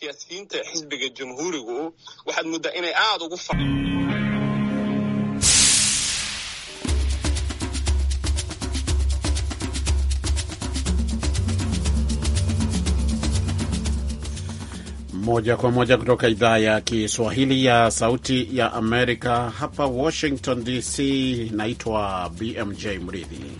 siyaasiyiinta xisbiga jamhuurigu waxaad muddaa inay aada ugu moja kwa moja kutoka idhaa ya Kiswahili ya Sauti ya Amerika hapa Washington DC. Naitwa BMJ Mridhi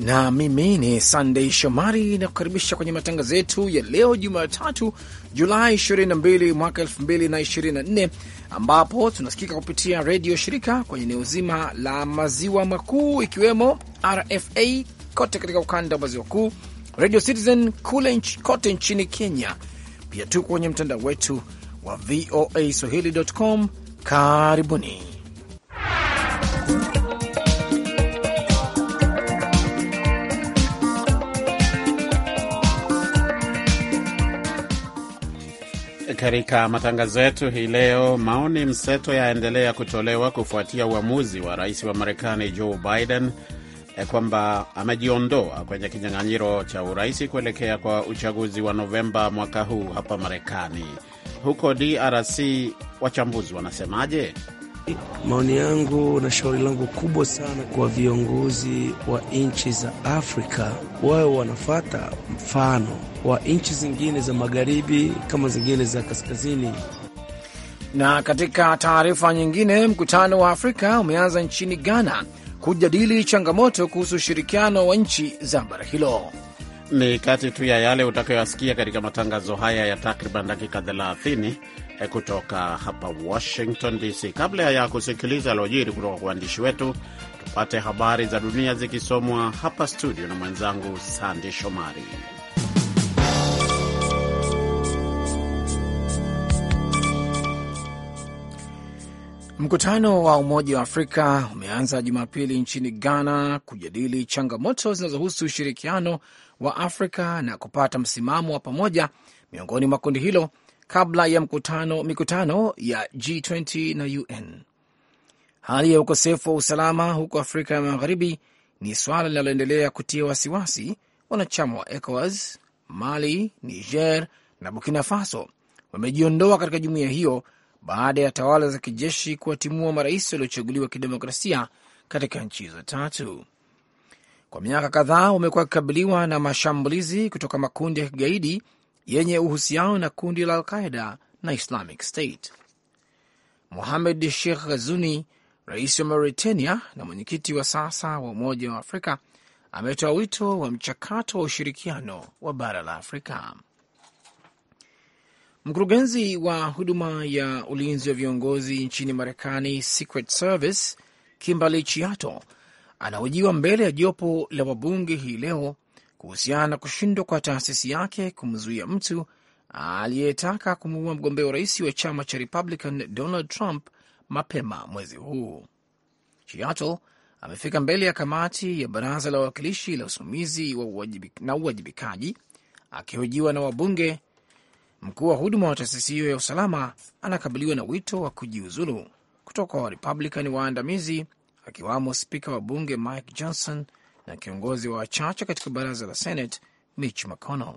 na mimi ni Sandey Shomari na kukaribisha kwenye matangazo yetu ya leo Jumatatu, Julai 22 mwaka 2024, ambapo tunasikika kupitia redio shirika kwenye eneo zima la maziwa makuu ikiwemo RFA kote katika ukanda wa maziwa kuu Radio Citizen kule kote nchini Kenya. Pia tuko kwenye mtandao wetu wa VOA swahili.com. Karibuni katika matangazo yetu hii leo, maoni mseto yaendelea kutolewa kufuatia uamuzi wa rais wa Marekani Joe Biden eh, kwamba amejiondoa kwenye kinyang'anyiro cha urais kuelekea kwa uchaguzi wa Novemba mwaka huu hapa Marekani. Huko DRC wachambuzi wanasemaje? Maoni yangu na shauri langu kubwa sana kwa viongozi wa nchi za Afrika, wao wanafata mfano wa nchi zingine za magharibi kama zingine za kaskazini. Na katika taarifa nyingine, mkutano wa Afrika umeanza nchini Ghana kujadili changamoto kuhusu ushirikiano wa nchi za bara hilo. Ni kati tu ya yale utakayoyasikia katika matangazo haya ya takriban dakika 30 eh, kutoka hapa Washington DC. Kabla ya kusikiliza alojiri kutoka kwa waandishi wetu, tupate habari za dunia zikisomwa hapa studio na mwenzangu Sandi Shomari. Mkutano wa Umoja wa Afrika umeanza Jumapili nchini Ghana kujadili changamoto zinazohusu ushirikiano wa Afrika na kupata msimamo wa pamoja miongoni mwa kundi hilo kabla ya mkutano, mikutano ya G20 na UN. Hali ya ukosefu wa usalama huko Afrika ya Magharibi ni swala linaloendelea kutia wasiwasi wanachama wa ECOWAS. Mali, Niger na Burkina Faso wamejiondoa katika jumuiya hiyo baada ya tawala za kijeshi kuwatimua marais waliochaguliwa kidemokrasia katika nchi hizo tatu. Kwa miaka kadhaa wamekuwa wakikabiliwa na mashambulizi kutoka makundi ya kigaidi yenye uhusiano na kundi la Alqaida na Islamic State. Mohamed Sheikh Ghazuni, rais wa Mauritania na mwenyekiti wa sasa wa Umoja wa Afrika, ametoa wito wa mchakato wa ushirikiano wa bara la Afrika. Mkurugenzi wa huduma ya ulinzi wa viongozi nchini Marekani, Secret Service, Kimberly Chiato anahojiwa mbele ya jopo la wabunge hii leo kuhusiana na kushindwa kwa taasisi yake kumzuia mtu aliyetaka kumuua mgombea urais wa chama cha Republican Donald Trump mapema mwezi huu. Chiato amefika mbele ya kamati ya baraza la wawakilishi la usimamizi wa na uwajibikaji akihojiwa na wabunge Mkuu wa huduma wa taasisi hiyo ya usalama anakabiliwa na wito wa kujiuzulu kutoka kwa Warepublican waandamizi, akiwamo spika wa bunge Mike Johnson na kiongozi wa wachache katika baraza la Senate Mitch McConnell.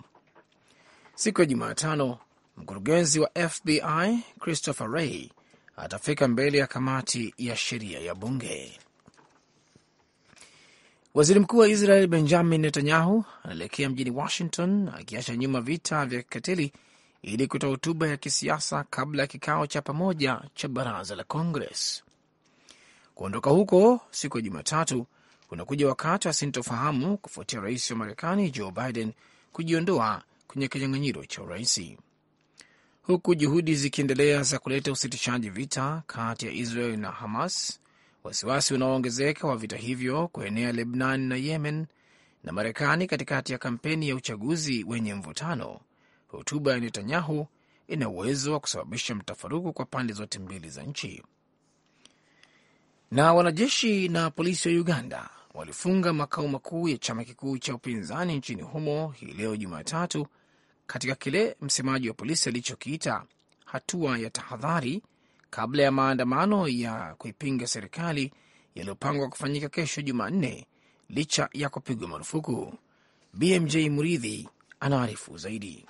Siku ya Jumatano, mkurugenzi wa FBI Christopher Wray atafika mbele ya kamati ya sheria ya bunge. Waziri mkuu wa Israel Benjamin Netanyahu anaelekea mjini Washington akiacha nyuma vita vya kikatili ili kutoa hotuba ya kisiasa kabla ya kikao cha pamoja cha baraza la Congress. Kuondoka huko siku ya Jumatatu kunakuja wakati wa sintofahamu kufuatia rais wa Marekani Joe Biden kujiondoa kwenye kinyang'anyiro cha uraisi, huku juhudi zikiendelea za kuleta usitishaji vita kati ya Israel na Hamas. Wasiwasi unaoongezeka wa vita hivyo kuenea Lebnan na Yemen na Marekani katikati ya kampeni ya uchaguzi wenye mvutano hotuba ya Netanyahu ina uwezo wa kusababisha mtafaruku kwa pande zote mbili za nchi. Na wanajeshi na polisi wa Uganda walifunga makao makuu ya chama kikuu cha upinzani nchini humo hii leo Jumatatu, katika kile msemaji wa polisi alichokiita hatua ya tahadhari kabla ya maandamano ya kuipinga serikali yaliyopangwa kufanyika kesho Jumanne, licha ya kupigwa marufuku. BMJ Muridhi anaarifu zaidi.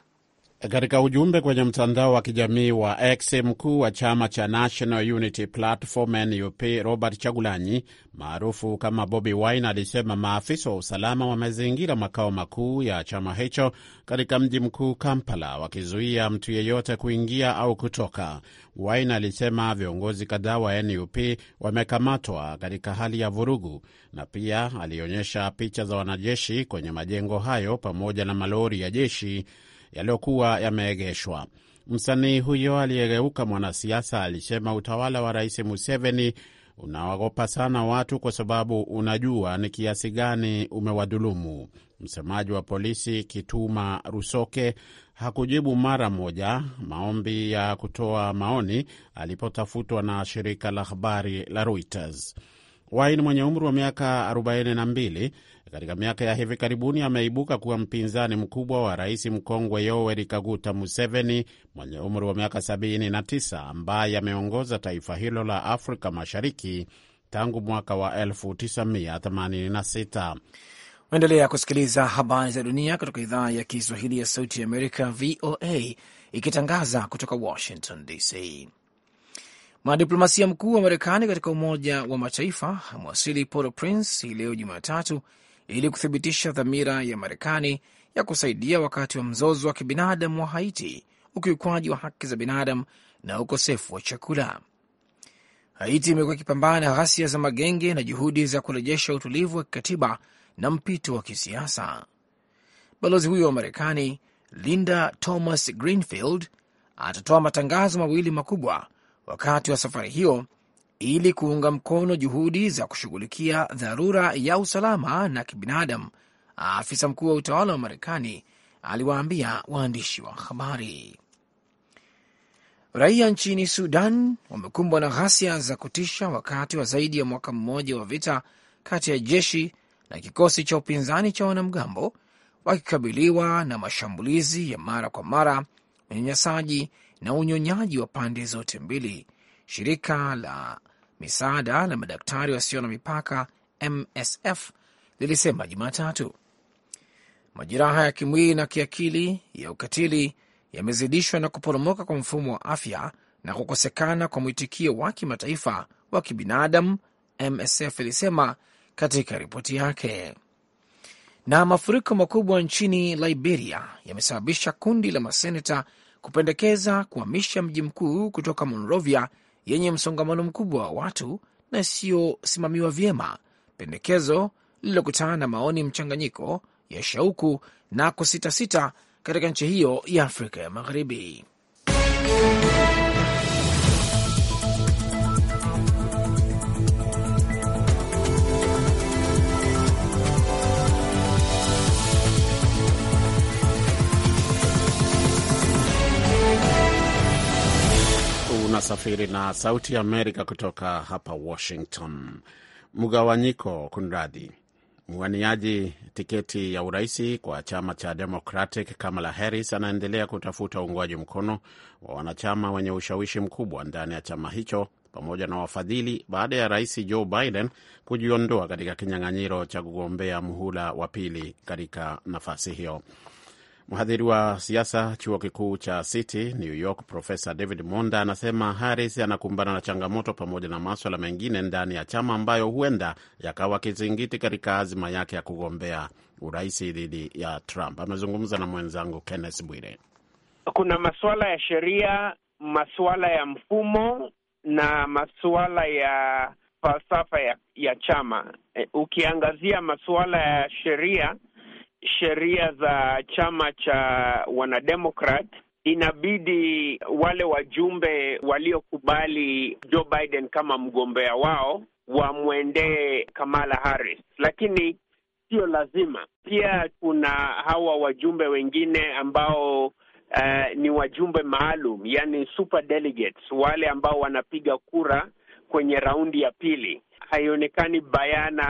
Katika ujumbe kwenye mtandao wa kijamii wa X, mkuu wa chama cha National Unity Platform NUP Robert Chagulanyi maarufu kama Bobi Wine alisema maafisa wa usalama wamezingira makao makuu ya chama hicho katika mji mkuu Kampala, wakizuia mtu yeyote kuingia au kutoka. Wine alisema viongozi kadhaa wa NUP wamekamatwa katika hali ya vurugu, na pia alionyesha picha za wanajeshi kwenye majengo hayo pamoja na malori ya jeshi yaliyokuwa yameegeshwa. Msanii huyo aliyegeuka mwanasiasa alisema utawala wa Rais Museveni unawaogopa sana watu kwa sababu unajua ni kiasi gani umewadhulumu. Msemaji wa polisi Kituma Rusoke hakujibu mara moja maombi ya kutoa maoni alipotafutwa na shirika la habari la Reuters. Wine mwenye umri wa miaka 42 katika miaka ya hivi karibuni ameibuka kuwa mpinzani mkubwa wa rais mkongwe Yoweri Kaguta Museveni mwenye umri wa miaka 79 ambaye ameongoza taifa hilo la Afrika Mashariki tangu mwaka wa 1986. Waendelea kusikiliza habari za dunia kutoka idhaa ya Kiswahili ya Sauti ya Amerika, VOA, ikitangaza kutoka Washington DC. Mwanadiplomasia mkuu wa Marekani katika Umoja wa Mataifa amewasili Port au Prince hii leo Jumatatu ili kuthibitisha dhamira ya Marekani ya kusaidia wakati wa mzozo wa kibinadamu wa Haiti, ukiukwaji wa haki za binadamu na ukosefu wa chakula. Haiti imekuwa ikipambana na ghasia za magenge na juhudi za kurejesha utulivu wa kikatiba na mpito wa kisiasa. Balozi huyo wa Marekani Linda Thomas Greenfield atatoa matangazo mawili makubwa wakati wa safari hiyo ili kuunga mkono juhudi za kushughulikia dharura ya usalama na kibinadamu, afisa mkuu wa utawala wa Marekani aliwaambia waandishi wa habari. Raia nchini Sudan wamekumbwa na ghasia za kutisha wakati wa zaidi ya mwaka mmoja wa vita kati ya jeshi na kikosi cha upinzani cha wanamgambo, wakikabiliwa na mashambulizi ya mara kwa mara, unyanyasaji na unyonyaji wa pande zote mbili. Shirika la misaada la madaktari wasio na mipaka MSF lilisema Jumatatu. Majeraha ya kimwili na kiakili ya ukatili yamezidishwa na kuporomoka kwa mfumo wa afya na kukosekana kwa mwitikio wa kimataifa wa kibinadamu, MSF ilisema katika ripoti yake. Na mafuriko makubwa nchini Liberia yamesababisha kundi la maseneta kupendekeza kuhamisha mji mkuu kutoka Monrovia yenye msongamano mkubwa wa watu na isiyosimamiwa vyema, pendekezo lililokutana na maoni mchanganyiko ya shauku na kusitasita katika nchi hiyo ya Afrika ya Magharibi. Unasafiri na Sauti Amerika kutoka hapa Washington. Mgawanyiko kunradhi, mwaniaji tiketi ya uraisi kwa chama cha Democratic Kamala Harris anaendelea kutafuta uungwaji mkono wa wanachama wenye ushawishi mkubwa ndani ya chama hicho pamoja na wafadhili baada ya rais Joe Biden kujiondoa katika kinyang'anyiro cha kugombea muhula wa pili katika nafasi hiyo. Mhadhiri wa siasa chuo kikuu cha City New York, Profesa David Monda anasema Harris anakumbana na changamoto pamoja na maswala mengine ndani ya chama ambayo huenda yakawa kizingiti katika azima yake ya kugombea urais dhidi ya Trump. Amezungumza na mwenzangu Kenneth Bwire. Kuna masuala ya sheria, masuala ya mfumo na masuala ya falsafa ya, ya chama. E, ukiangazia masuala ya sheria sheria za chama cha wanademokrat inabidi wale wajumbe waliokubali Joe Biden kama mgombea wao wamwendee Kamala Harris, lakini sio lazima. Pia kuna hawa wajumbe wengine ambao uh, ni wajumbe maalum, yani super delegates, wale ambao wanapiga kura kwenye raundi ya pili haionekani bayana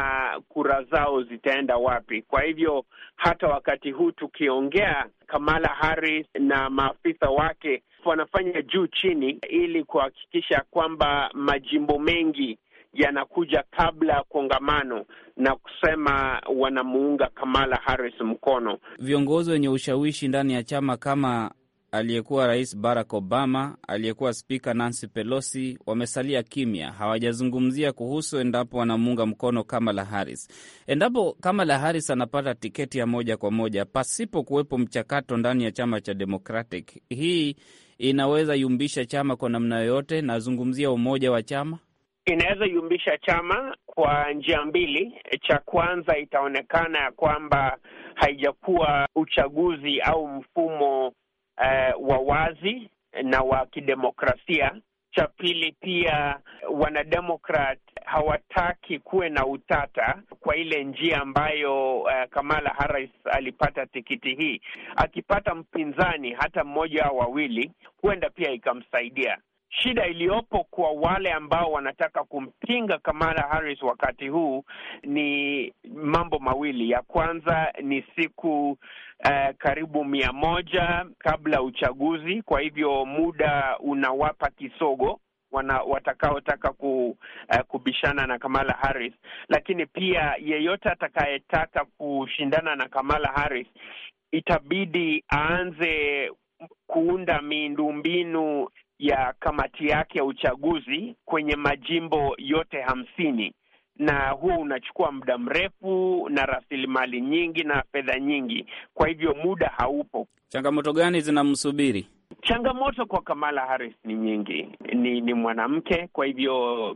kura zao zitaenda wapi. Kwa hivyo hata wakati huu tukiongea, Kamala Harris na maafisa wake wanafanya juu chini ili kuhakikisha kwamba majimbo mengi yanakuja kabla ya kongamano na kusema wanamuunga Kamala Harris mkono. Viongozi wenye ushawishi ndani ya chama kama aliyekuwa rais Barack Obama, aliyekuwa spika Nancy Pelosi wamesalia kimya, hawajazungumzia kuhusu endapo wanamuunga mkono Kamala Harris. Endapo Kamala Harris anapata tiketi ya moja kwa moja pasipo kuwepo mchakato ndani ya chama cha Democratic, hii inaweza yumbisha chama kwa namna yoyote? Nazungumzia umoja wa chama inaweza yumbisha chama kwa njia mbili. Cha kwanza, itaonekana ya kwamba haijakuwa uchaguzi au mfumo uh, wa wazi na wa kidemokrasia. Cha pili pia, wanademokrat hawataki kuwe na utata kwa ile njia ambayo uh, Kamala Harris alipata tikiti hii. Akipata mpinzani hata mmoja au wawili, huenda pia ikamsaidia. Shida iliyopo kwa wale ambao wanataka kumpinga Kamala Harris wakati huu ni mambo mawili. Ya kwanza ni siku uh, karibu mia moja kabla uchaguzi, kwa hivyo muda unawapa kisogo wana watakaotaka ku, uh, kubishana na Kamala Harris, lakini pia yeyote atakayetaka kushindana na Kamala Harris itabidi aanze kuunda miundombinu ya kamati yake ya uchaguzi kwenye majimbo yote hamsini, na huu unachukua muda mrefu na rasilimali nyingi na fedha nyingi, kwa hivyo muda haupo. Changamoto gani zinamsubiri? Changamoto kwa Kamala Harris ni nyingi, ni, ni mwanamke, kwa hivyo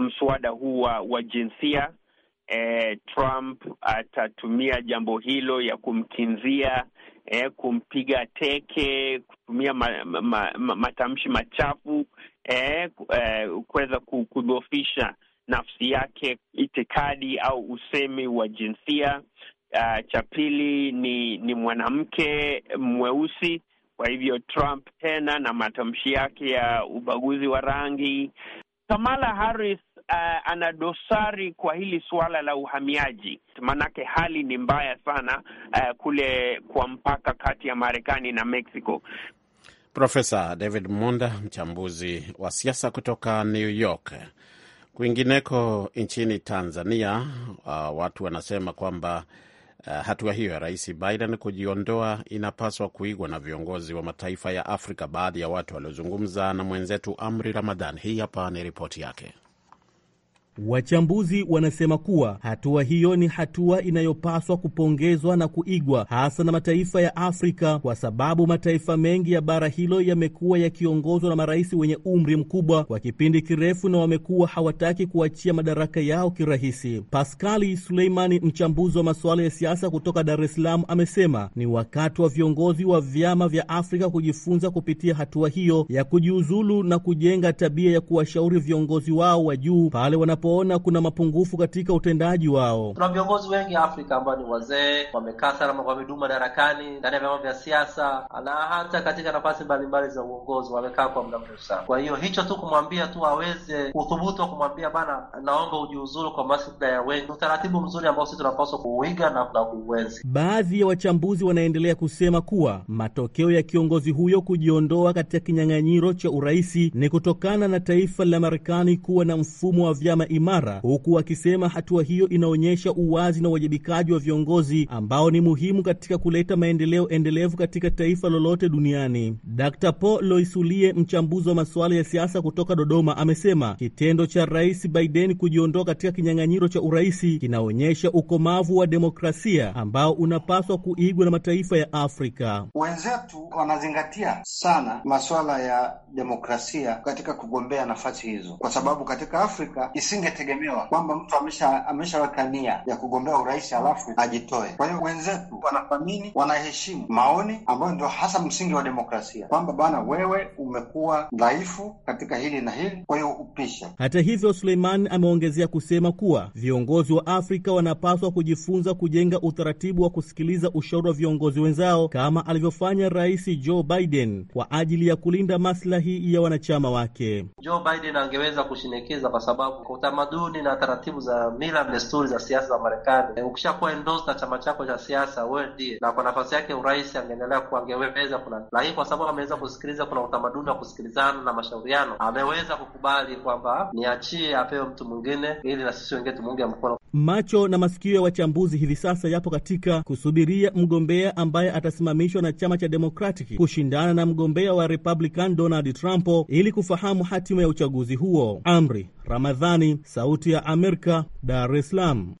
mswada huu wa jinsia eh, Trump atatumia jambo hilo ya kumkinzia eh, kumpiga teke, kutumia ma, ma, ma, matamshi machafu eh, eh, kuweza kudhofisha nafsi yake, itikadi au usemi wa jinsia. Uh, cha pili ni ni mwanamke mweusi. Kwa hivyo Trump tena na matamshi yake ya ubaguzi wa rangi. Kamala Harris uh, ana dosari kwa hili suala la uhamiaji, maanake hali ni mbaya sana uh, kule kwa mpaka kati ya Marekani na Mexico. Profesa David Monda, mchambuzi wa siasa kutoka New York. Kwingineko nchini Tanzania, uh, watu wanasema kwamba uh, hatua hiyo ya Rais Biden kujiondoa inapaswa kuigwa na viongozi wa mataifa ya Afrika. Baadhi ya watu waliozungumza na mwenzetu Amri Ramadhan, hii hapa ni ripoti yake. Wachambuzi wanasema kuwa hatua hiyo ni hatua inayopaswa kupongezwa na kuigwa hasa na mataifa ya Afrika kwa sababu mataifa mengi ya bara hilo yamekuwa yakiongozwa na marais wenye umri mkubwa kwa kipindi kirefu na wamekuwa hawataki kuachia madaraka yao kirahisi. Paskali Suleimani, mchambuzi wa masuala ya siasa kutoka Dar es Salaam, amesema ni wakati wa viongozi wa vyama vya Afrika kujifunza kupitia hatua hiyo ya kujiuzulu na kujenga tabia ya kuwashauri viongozi wao wa juu pale wana wanapoona kuna mapungufu katika utendaji wao. Tuna viongozi wengi Afrika ambao ni wazee, wamekaa sana, wamedumu madarakani ndani ya vyama vya siasa na hata katika nafasi mbalimbali za uongozi wamekaa kwa muda mrefu sana. Kwa hiyo hicho tu kumwambia tu aweze uthubutu wa kumwambia bana, naomba ujiuzuru kwa maslahi ya wengi, utaratibu mzuri ambao sisi tunapaswa kuuiga na, kuuenzi. Baadhi ya wachambuzi wanaendelea kusema kuwa matokeo ya kiongozi huyo kujiondoa katika kinyang'anyiro cha uraisi ni kutokana na taifa la Marekani kuwa na mfumo wa vyama imara, huku akisema hatua hiyo inaonyesha uwazi na uwajibikaji wa viongozi ambao ni muhimu katika kuleta maendeleo endelevu katika taifa lolote duniani. Dr. Paul Loisulie, mchambuzi wa masuala ya siasa kutoka Dodoma, amesema kitendo cha Rais Biden kujiondoa katika kinyang'anyiro cha uraisi kinaonyesha ukomavu wa demokrasia ambao unapaswa kuigwa na mataifa ya Afrika. Wenzetu wanazingatia sana masuala ya demokrasia katika kugombea nafasi hizo, kwa sababu katika Afrika isinge isingetegemewa kwamba mtu amesha ameshaweka nia ya kugombea urais alafu ajitoe. Kwa hiyo wenzetu wanathamini, wanaheshimu maoni ambayo ndio hasa msingi wa demokrasia, kwamba bana, wewe umekuwa dhaifu katika hili na hili, kwa hiyo upishe. Hata hivyo, Suleiman ameongezea kusema kuwa viongozi wa Afrika wanapaswa kujifunza kujenga utaratibu wa kusikiliza ushauri wa viongozi wenzao kama alivyofanya Rais Joe Biden kwa ajili ya kulinda maslahi ya wanachama wake. Joe Biden angeweza kushinikiza kwa sababu tamaduni na taratibu za mila na desturi za siasa za Marekani. Eh, ukishakuwa endorsed na chama chako cha siasa, wewe ndiye, na kwa nafasi yake urais angeendelea kuangeweza kuna, lakini kwa sababu ameweza kusikiliza, kuna utamaduni wa kusikilizana na mashauriano, ameweza kukubali kwamba niachie, apewe mtu mwingine, ili na sisi wengine tumuunge mkono. Macho na masikio ya wachambuzi hivi sasa yapo katika kusubiria mgombea ambaye atasimamishwa na chama cha Democratic kushindana na mgombea wa Republican Donald Trump ili kufahamu hatima ya uchaguzi huo. Amri Ramadhani, Sauti ya Amerika, Dar es Salaam.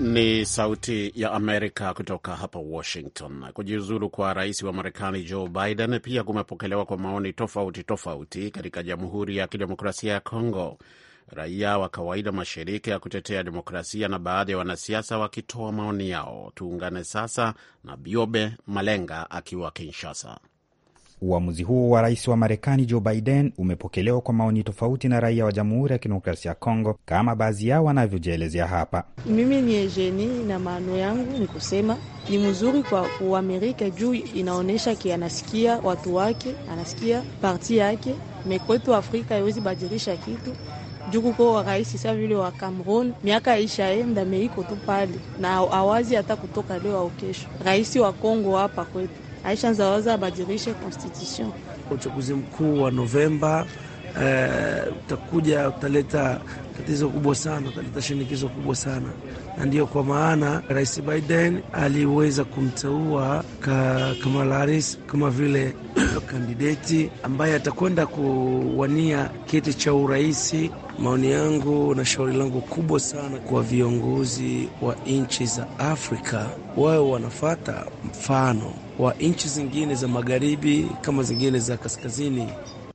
Ni Sauti ya Amerika kutoka hapa Washington. Kujiuzulu kwa rais wa Marekani Joe Biden pia kumepokelewa kwa maoni tofauti tofauti katika Jamhuri ya Kidemokrasia ya Kongo raia wa kawaida, mashirika ya kutetea demokrasia na baadhi ya wanasiasa wakitoa maoni yao. Tuungane sasa na Biobe Malenga akiwa Kinshasa. Uamuzi huo wa rais wa Marekani Joe Biden umepokelewa kwa maoni tofauti na raia wa Jamhuri ya Kidemokrasia ya Kongo, kama baadhi yao wanavyojielezea hapa. Mimi ni Ejeni na maano yangu ni kusema ni mzuri kwa Uamerika juu inaonyesha ki anasikia watu wake, anasikia parti yake. Mekwetu Afrika haiwezi badilisha kitu juku ko wa sa vile wa Cameroon, miaka ishaenda meiko tu pale na awazi hata kutoka leo au kesho. Rais wa Kongo hapa kwetu aisha zawaza abadilishe constitution. Uchaguzi mkuu wa Novemba eh, utakuja, utaleta tatizo kubwa sana, utaleta shinikizo kubwa sana, na ndiyo kwa maana Rais Biden aliweza kumteua ka Kamala Harris kama vile kandideti ambaye atakwenda kuwania kiti cha urahisi Maoni yangu na shauri langu kubwa sana kwa viongozi wa nchi za Afrika, wao wanafata mfano wa nchi zingine za magharibi kama zingine za kaskazini,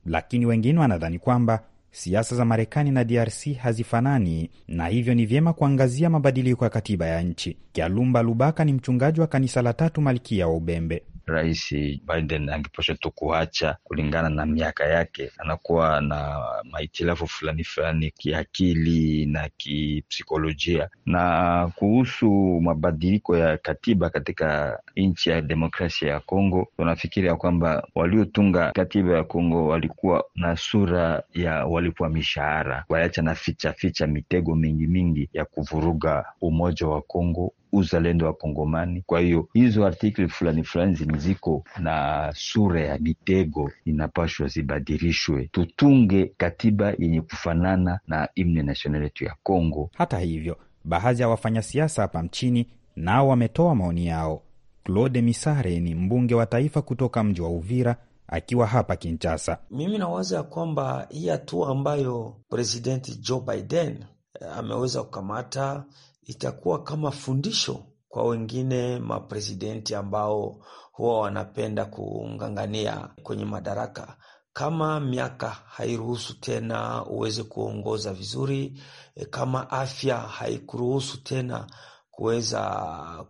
lakini wengine wanadhani kwamba Siasa za Marekani na DRC hazifanani na hivyo ni vyema kuangazia mabadiliko ya katiba ya nchi. Kyalumba Lubaka ni mchungaji wa kanisa la Tatu Malkia wa Ubembe. Rais Biden angepasha tu kuacha kulingana na miaka yake. Anakuwa na mahitilafu fulani fulani kiakili na kipsikolojia. Na kuhusu mabadiliko ya katiba katika nchi ya demokrasia ya Kongo, tunafikiria kwamba waliotunga katiba ya Kongo walikuwa na sura ya walipwa mishahara, waliacha na ficha ficha mitego mingi mingi ya kuvuruga umoja wa Kongo uzalendo wa Kongomani. Kwa hiyo hizo artikli fulani fulani zenye ziko na sura ya mitego inapashwa zibadilishwe, tutunge katiba yenye kufanana na imne nasional yetu ya Kongo. Hata hivyo, baadhi ya wafanyasiasa hapa mchini nao wametoa maoni yao. Claude Misare ni mbunge wa taifa kutoka mji wa Uvira akiwa hapa Kinshasa. Mimi nawaza ya kwamba hii hatua ambayo presidenti Joe Biden eh, ameweza kukamata Itakuwa kama fundisho kwa wengine mapresidenti ambao huwa wanapenda kung'ang'ania kwenye madaraka kama miaka hairuhusu tena uweze kuongoza vizuri, e, kama afya haikuruhusu tena kuweza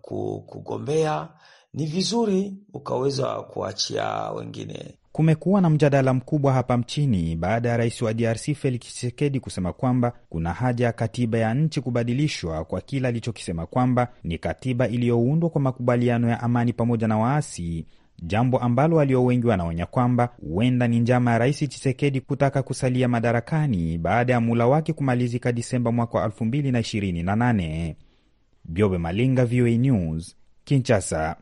kugombea, ni vizuri ukaweza kuachia wengine. Kumekuwa na mjadala mkubwa hapa mchini baada ya rais wa DRC Felix Tshisekedi kusema kwamba kuna haja ya katiba ya nchi kubadilishwa kwa kile alichokisema kwamba ni katiba iliyoundwa kwa makubaliano ya amani pamoja na waasi, jambo ambalo walio wengi wanaonya kwamba huenda ni njama ya rais Tshisekedi kutaka kusalia madarakani baada ya muhula wake kumalizika Disemba mwaka wa 2028. Byobe Malinga, VOA News, Kinshasa.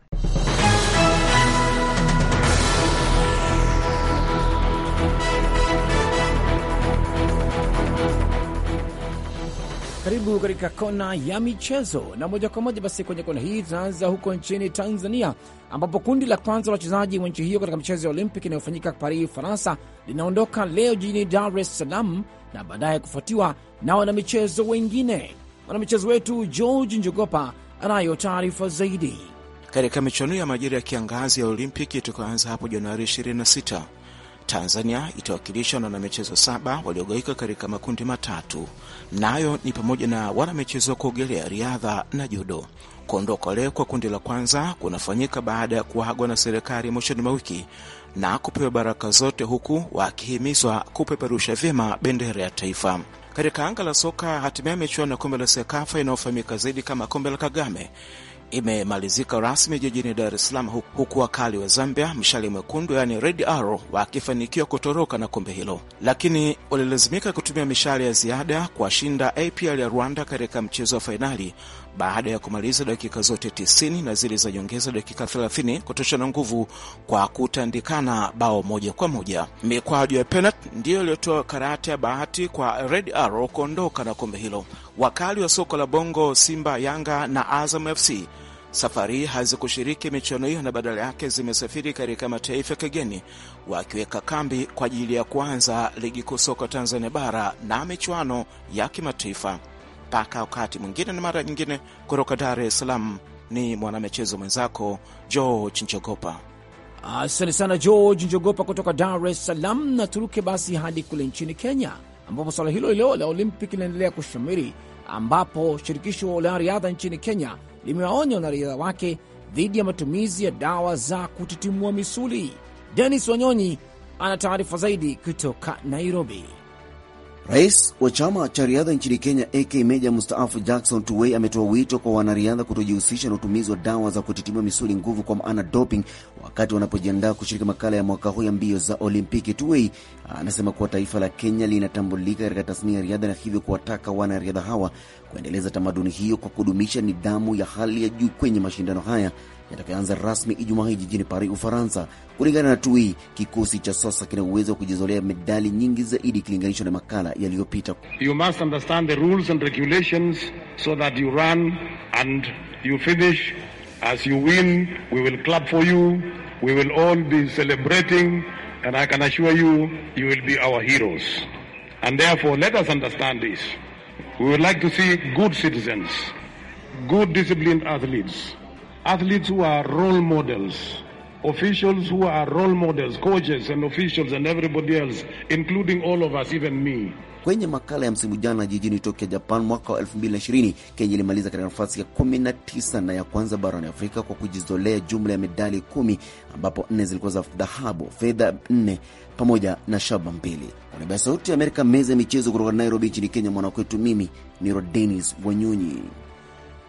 Karibu katika kona ya michezo, na moja kwa moja basi kwenye kona hii tunaanza huko nchini Tanzania, ambapo kundi la kwanza la wachezaji wa nchi hiyo katika michezo ya olympic inayofanyika Paris, Ufaransa, linaondoka leo jijini Dar es Salaam na baadaye kufuatiwa na wanamichezo wengine. Mwanamichezo wetu George Njogopa anayo taarifa zaidi. Katika michuano ya majira ya kiangazi ya Olimpiki itakayoanza hapo Januari 26 Tanzania itawakilishwa na wanamichezo saba waliogawika katika makundi matatu, nayo ni pamoja na wanamichezo wa kuogelea, riadha na judo. Kuondoka leo kwa kundi la kwanza kunafanyika baada ya kuagwa na serikali mwishoni mwa wiki na kupewa baraka zote, huku wakihimizwa kupeperusha vyema bendera ya taifa. Katika anga la soka, hatimaye michuano ya kombe la Sekafa inayofahamika zaidi kama kombe la Kagame imemalizika rasmi jijini Dar es Salaam, huku wakali wa Zambia mshale mwekundu, yaani Red Arrow, wakifanikiwa kutoroka na kombe hilo, lakini walilazimika kutumia mishale ya ziada kuwashinda APR ya Rwanda katika mchezo wa fainali baada ya kumaliza dakika zote 90 na zile za nyongeza dakika 30 kutoshana nguvu kwa kutandikana bao moja kwa moja. Mikwaju ya penalti ndiyo iliyotoa karata ya bahati kwa Red Arrow kuondoka na kombe hilo. Wakali wa soko la Bongo, Simba, Yanga na Azam FC safari hazikushiriki michuano hiyo na badala yake zimesafiri katika mataifa ya kigeni, wakiweka kambi kwa ajili ya kuanza ligi kuu soka Tanzania bara na michuano ya kimataifa mpaka wakati mwingine na mara nyingine. Kutoka Dar es Salaam ni mwanamichezo mwenzako George Njogopa. Asante sana George Njogopa kutoka Dar es Salaam. Na turuke basi hadi kule nchini Kenya, ambapo swala hilo hilo la olimpik linaendelea kushamiri, ambapo shirikisho la riadha nchini Kenya limewaonya wanariadha wake dhidi ya matumizi ya dawa za kutitimua misuli. Denis Wanyonyi ana taarifa zaidi kutoka Nairobi. Rais wa chama cha riadha nchini Kenya AK Meja mstaafu Jackson Tuwei ametoa wito kwa wanariadha kutojihusisha na utumizi wa dawa za kutitimia misuli nguvu kwa maana doping, wakati wanapojiandaa kushiriki makala ya mwaka huu ya mbio za Olimpiki. Tuwei anasema kuwa taifa la Kenya linatambulika katika tasnia ya riadha na hivyo kuwataka wanariadha hawa kuendeleza tamaduni hiyo kwa kudumisha nidhamu ya hali ya juu kwenye mashindano haya yatakayoanza rasmi Ijumaa hii jijini Paris, Ufaransa. Kulingana na Tui, kikosi cha sasa kina uwezo wa kujizolea medali nyingi zaidi ikilinganishwa na makala yaliyopita. You must understand the rules and regulations so that you run and you finish as you win. We will clap for you, we will all be celebrating and I can assure you, you will be our heroes and therefore let us understand this. We would like to see good citizens, good disciplined athletes athletes who are role models, officials who are role models, coaches and officials and everybody else, including all of us, even me. Kwenye makala ya msimu jana jijini Tokyo, Japan, mwaka wa 2020, Kenya ilimaliza katika nafasi ya 19 na ya kwanza barani Afrika kwa kujizolea jumla ya medali kumi, ambapo nne zilikuwa za dhahabu, fedha nne pamoja na shaba mbili. Kwa niaba ya Sauti ya Amerika, meza ya michezo kutoka Nairobi nchini Kenya, mwanakwetu mimi ni Rodenis Wanyunyi.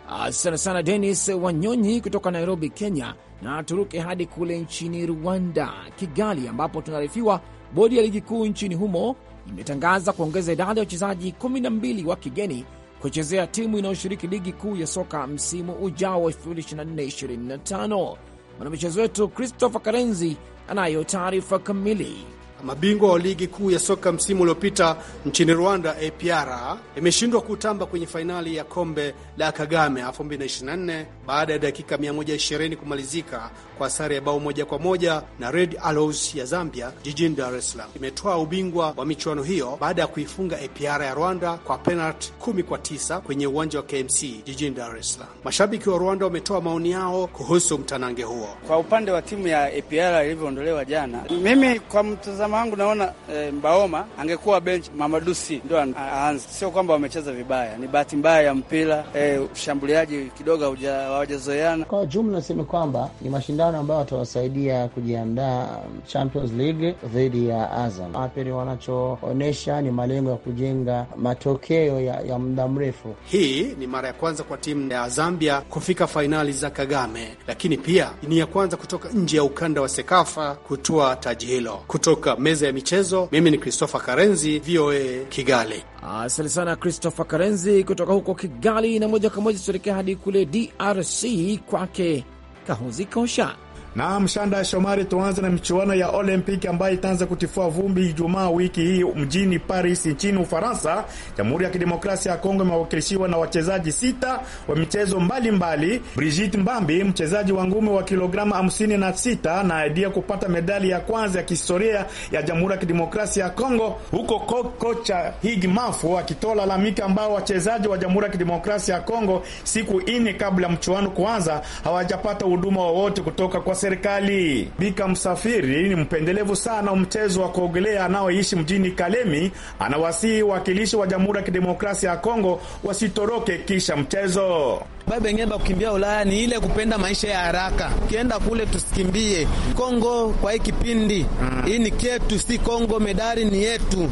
Asante ah, sana Denis Wanyonyi kutoka Nairobi, Kenya. Na turuke hadi kule nchini Rwanda, Kigali, ambapo tunaarifiwa bodi ya ligi kuu nchini humo imetangaza kuongeza idadi ya wachezaji 12 wa kigeni kuchezea timu inayoshiriki ligi kuu ya soka msimu ujao wa 2024/2025. Mwanamichezo wetu Christopher Karenzi anayo taarifa kamili mabingwa wa ligi kuu ya soka msimu uliopita nchini Rwanda, APR imeshindwa kutamba kwenye fainali ya kombe la Kagame 2024 baada ya dakika 120 kumalizika kwa sare ya bao moja kwa moja na Red Arrows ya Zambia jijini Dar es Salaam. imetoa ubingwa wa michuano hiyo baada ya kuifunga APR ya Rwanda kwa penalti 1 kwa 9 kwenye uwanja wa KMC jijini Dar es Salaam. Mashabiki wa Rwanda wametoa maoni yao kuhusu mtanange huo. Kwa upande wa timu ya APR ilivyoondolewa jana, mimi kwa mtazamo mtazamo wangu naona e, Mbaoma angekuwa bench, Mamadusi ndo aanze. Sio kwamba wamecheza vibaya, ni bahati mbaya ya mpira e, ushambuliaji kidogo hawajazoeana. Kwa jumla, seme kwamba ni mashindano ambayo watawasaidia kujiandaa um, Champions League dhidi ya Azam. Apeli wanachoonyesha ni malengo ya kujenga matokeo ya, ya muda mrefu. Hii ni mara ya kwanza kwa timu ya Zambia kufika fainali za Kagame, lakini pia ni ya kwanza kutoka nje ya ukanda wa Sekafa kutoa taji hilo. Kutoka meza ya michezo. Mimi ni Christopher Karenzi, VOA Kigali. Asante sana Christopher Karenzi kutoka huko Kigali, na moja kwa moja tuelekea hadi kule DRC kwake Kahozi Kosha. Naam, Shanda Shomari, tuanze na michuano ya Olimpiki ambayo itaanza kutifua vumbi Ijumaa wiki hii mjini Paris nchini Ufaransa. Jamhuri ya Kidemokrasia ya Kongo imewakilishiwa na wachezaji sita wa michezo mbalimbali. Brigitte Mbambi, mchezaji wa ngumi wa kilogramu 56, na aidia kupata medali ya kwanza ya kihistoria ya Jamhuri ya Kidemokrasia ya Kongo, huko ko kocha Higmafu Mafu akitoa lalamika ambao wachezaji wa Jamhuri ya Kidemokrasia ya Kongo siku ine kabla ya mchuano kuanza hawajapata huduma wowote kutoka kwa serikali. Bika Msafiri ni mpendelevu sana mchezo wa kuogelea anaoishi mjini Kalemi, anawasihi wakilishi wa Jamhuri ya Kidemokrasia ya Kongo wasitoroke kisha mchezo babengine bakukimbia Ulaya ni ile kupenda maisha ya haraka. Ukienda kule tusikimbie Kongo kwa hii kipindi mm. hii, ni kyetu, si Kongo, medali ni yetu.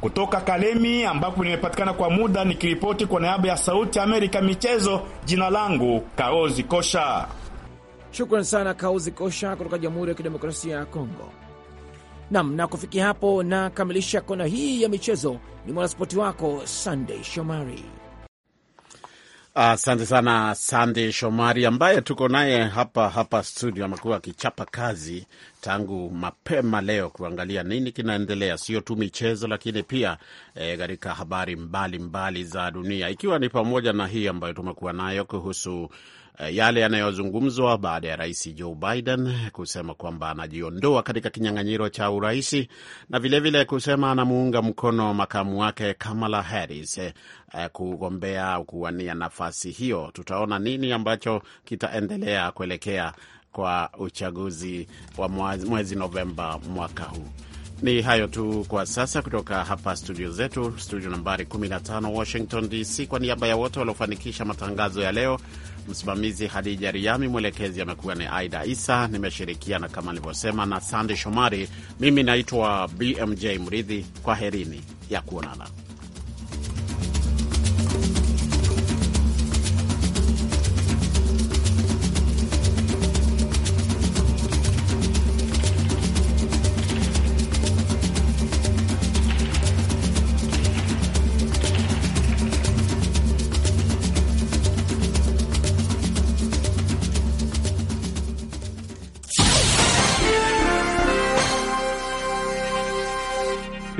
Kutoka Kalemi ambapo nimepatikana kwa muda nikiripoti kwa niaba ya Sauti Amerika michezo, jina langu Kaozi Kosha. Shukran sana Kauzi Kosha kutoka Jamhuri ya Kidemokrasia ya Kongo. Nam na kufikia hapo na kamilisha kona hii ya michezo. Ni mwanaspoti wako Sandey Shomari. Asante uh, sana Sandey Shomari ambaye tuko naye hapa hapa studio, amekuwa akichapa kazi tangu mapema leo kuangalia nini kinaendelea, sio tu michezo, lakini pia eh, katika e, habari mbalimbali mbali za dunia, ikiwa ni pamoja na hii ambayo tumekuwa nayo kuhusu Eh, yale yanayozungumzwa baada ya rais Joe Biden kusema kwamba anajiondoa katika kinyang'anyiro cha uraisi na vilevile vile kusema anamuunga mkono makamu wake Kamala Harris eh, kugombea kuwania nafasi hiyo. Tutaona nini ambacho kitaendelea kuelekea kwa uchaguzi wa mwezi Novemba mwaka huu. Ni hayo tu kwa sasa kutoka hapa studio zetu, studio nambari 15 Washington DC. Kwa niaba ya wote waliofanikisha matangazo ya leo Msimamizi Hadija Riami, mwelekezi amekuwa ni Aida Isa. Nimeshirikiana kama nilivyosema na Sande Shomari. Mimi naitwa BMJ Mridhi. Kwaherini ya kuonana.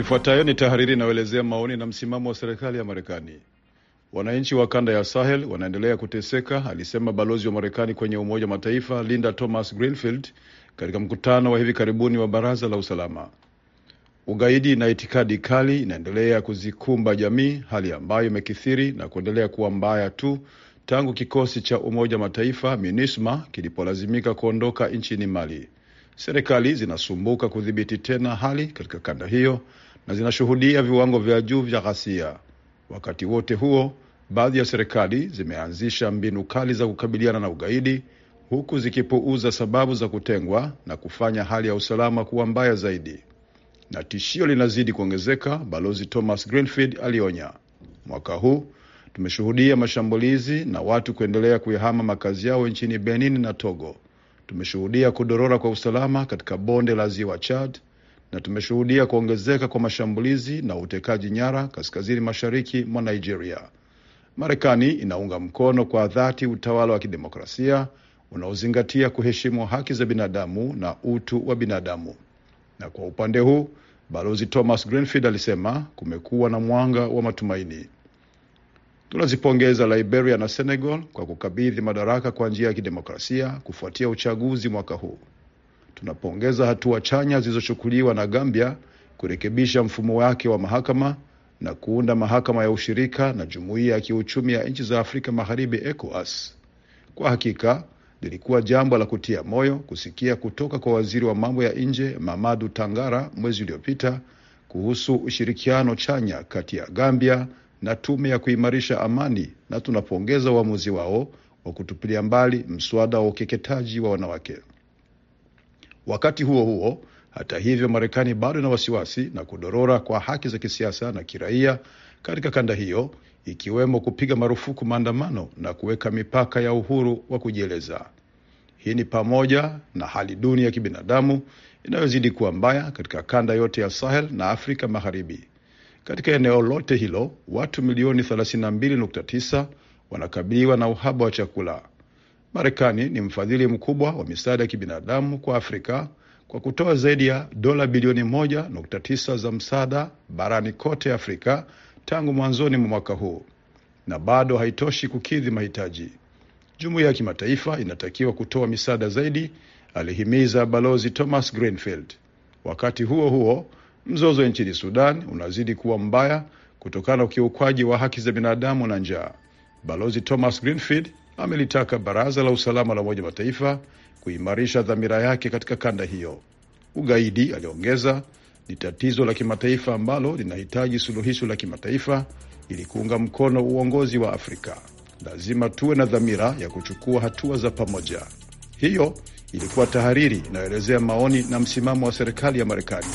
Ifuatayo ni tahariri inayoelezea maoni na msimamo wa serikali ya Marekani. Wananchi wa kanda ya Sahel wanaendelea kuteseka, alisema balozi wa Marekani kwenye Umoja wa Mataifa Linda Thomas Greenfield katika mkutano wa hivi karibuni wa Baraza la Usalama. Ugaidi na itikadi kali inaendelea kuzikumba jamii, hali ambayo imekithiri na kuendelea kuwa mbaya tu tangu kikosi cha Umoja wa Mataifa MINUSMA kilipolazimika kuondoka nchini Mali. Serikali zinasumbuka kudhibiti tena hali katika kanda hiyo na zinashuhudia viwango vya juu vya ghasia. Wakati wote huo, baadhi ya serikali zimeanzisha mbinu kali za kukabiliana na ugaidi huku zikipuuza sababu za kutengwa na kufanya hali ya usalama kuwa mbaya zaidi, na tishio linazidi kuongezeka, Balozi Thomas Greenfield alionya. Mwaka huu tumeshuhudia mashambulizi na watu kuendelea kuyahama makazi yao nchini Benin na Togo. Tumeshuhudia kudorora kwa usalama katika bonde la ziwa Chad na tumeshuhudia kuongezeka kwa mashambulizi na utekaji nyara kaskazini mashariki mwa Nigeria. Marekani inaunga mkono kwa dhati utawala wa kidemokrasia unaozingatia kuheshimu haki za binadamu na utu wa binadamu. Na kwa upande huu Balozi Thomas grenfield alisema kumekuwa na mwanga wa matumaini. Tunazipongeza Liberia na Senegal kwa kukabidhi madaraka kwa njia ya kidemokrasia kufuatia uchaguzi mwaka huu. Tunapongeza hatua chanya zilizochukuliwa na Gambia kurekebisha mfumo wake wa mahakama na kuunda mahakama ya ushirika na jumuiya ya kiuchumi ya nchi za Afrika Magharibi ECOWAS. Kwa hakika lilikuwa jambo la kutia moyo kusikia kutoka kwa waziri wa mambo ya nje Mamadu Tangara mwezi uliopita kuhusu ushirikiano chanya kati ya Gambia na tume ya kuimarisha amani, na tunapongeza uamuzi wao wa kutupilia mbali mswada wa ukeketaji wa wanawake. Wakati huo huo, hata hivyo, Marekani bado ina wasiwasi na kudorora kwa haki za kisiasa na kiraia katika kanda hiyo, ikiwemo kupiga marufuku maandamano na kuweka mipaka ya uhuru wa kujieleza. Hii ni pamoja na hali duni ya kibinadamu inayozidi kuwa mbaya katika kanda yote ya Sahel na Afrika Magharibi. Katika eneo lote hilo, watu milioni 32.9 wanakabiliwa na uhaba wa chakula. Marekani ni mfadhili mkubwa wa misaada ya kibinadamu kwa Afrika kwa kutoa zaidi ya dola bilioni 1.9 za msaada barani kote Afrika tangu mwanzoni mwa mwaka huu, na bado haitoshi kukidhi mahitaji. Jumuiya ya kimataifa inatakiwa kutoa misaada zaidi, alihimiza Balozi Thomas Greenfield. Wakati huo huo, mzozo nchini Sudan unazidi kuwa mbaya kutokana na ukiukwaji wa haki za binadamu na njaa. Balozi Thomas Greenfield amelitaka Baraza la Usalama la Umoja Mataifa kuimarisha dhamira yake katika kanda hiyo. Ugaidi, aliongeza, ni tatizo la kimataifa ambalo linahitaji suluhisho la kimataifa ili kuunga mkono uongozi wa Afrika. Lazima tuwe na dhamira ya kuchukua hatua za pamoja. Hiyo ilikuwa tahariri inayoelezea maoni na msimamo wa serikali ya Marekani.